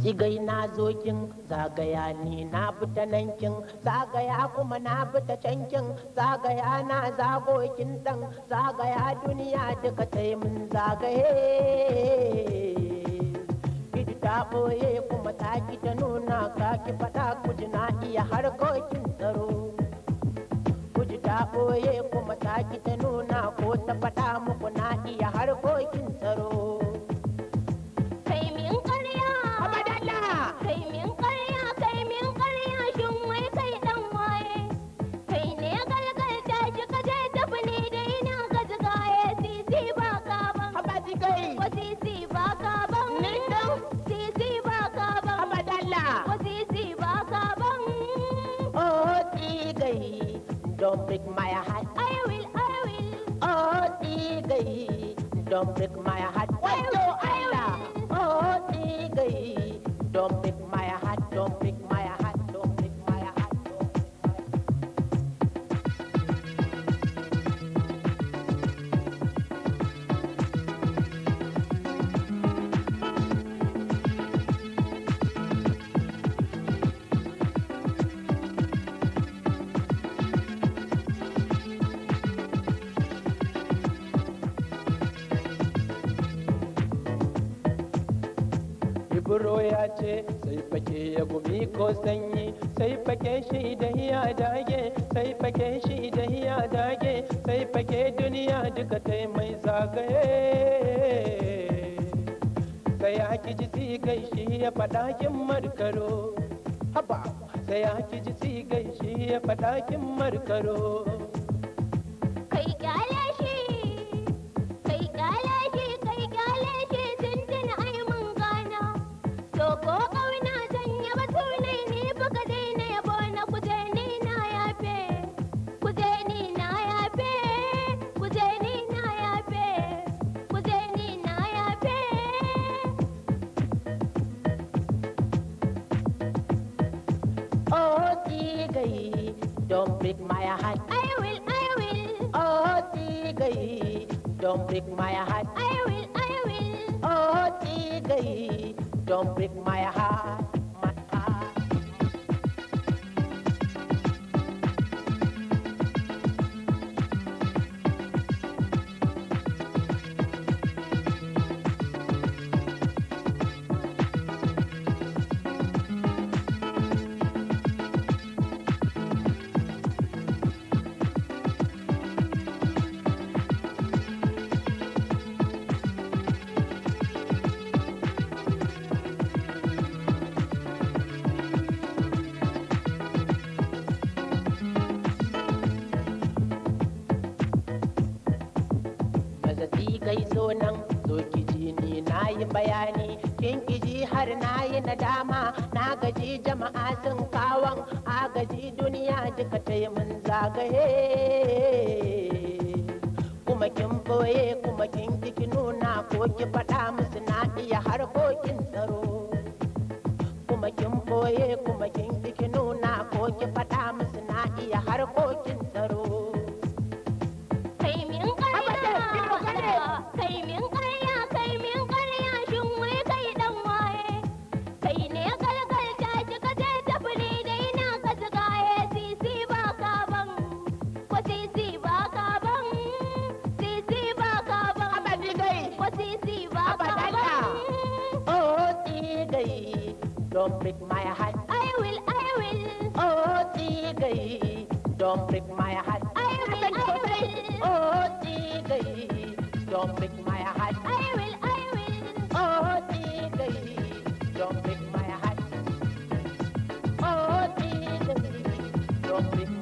Sigai na zo kin zagaya ni na fita nan kin zagaya kuma na fita can kin zagaya na zagokin kin dan zagaya duniya duka sai mun zagaye. Bidi ta boye kuma ta ki ta nuna ka ki fada kuji na iya harkokin tsaro. Kuji ta boye kuma ta ki ta nuna ko ta fada muku na iya harkokin tsaro. break my heart. I will, I will. Oh, dear, don't break my heart. Why do I? buro ya ce sai fake ya gumi ko sanyi sai fake shi da hiya dage sai fake shi da hiya dage sai fake duniya duka ta mai zagaye sai ya ji sigai shi ya faɗa kin markaro haba sai ya ji sigai shi ya faɗa kin markaro don't break my heart. I will, I will. Oh, Tigay, don't break my heart. I will, I will. Oh, Tigay. don't break my heart. zo nan zo kiji ni na yi bayani kin kiji har na yi nadama na gaji jama'a sun kawon agaji duniya duka ta yi mun zagaye kuma kin boye kuma kin ki nuna ko ki faɗa musu na iya harkokin tsaro kuma kin boye kuma kin ki nuna ko ki faɗa musu na iya harkokin don't break my heart. I will, I will. Oh, Tigay, don't break my heart. I will, I will. Oh, Tigay, don't break my heart. I will, I will. Oh, Tigay, don't break my heart. Oh, Tigay, don't break my heart.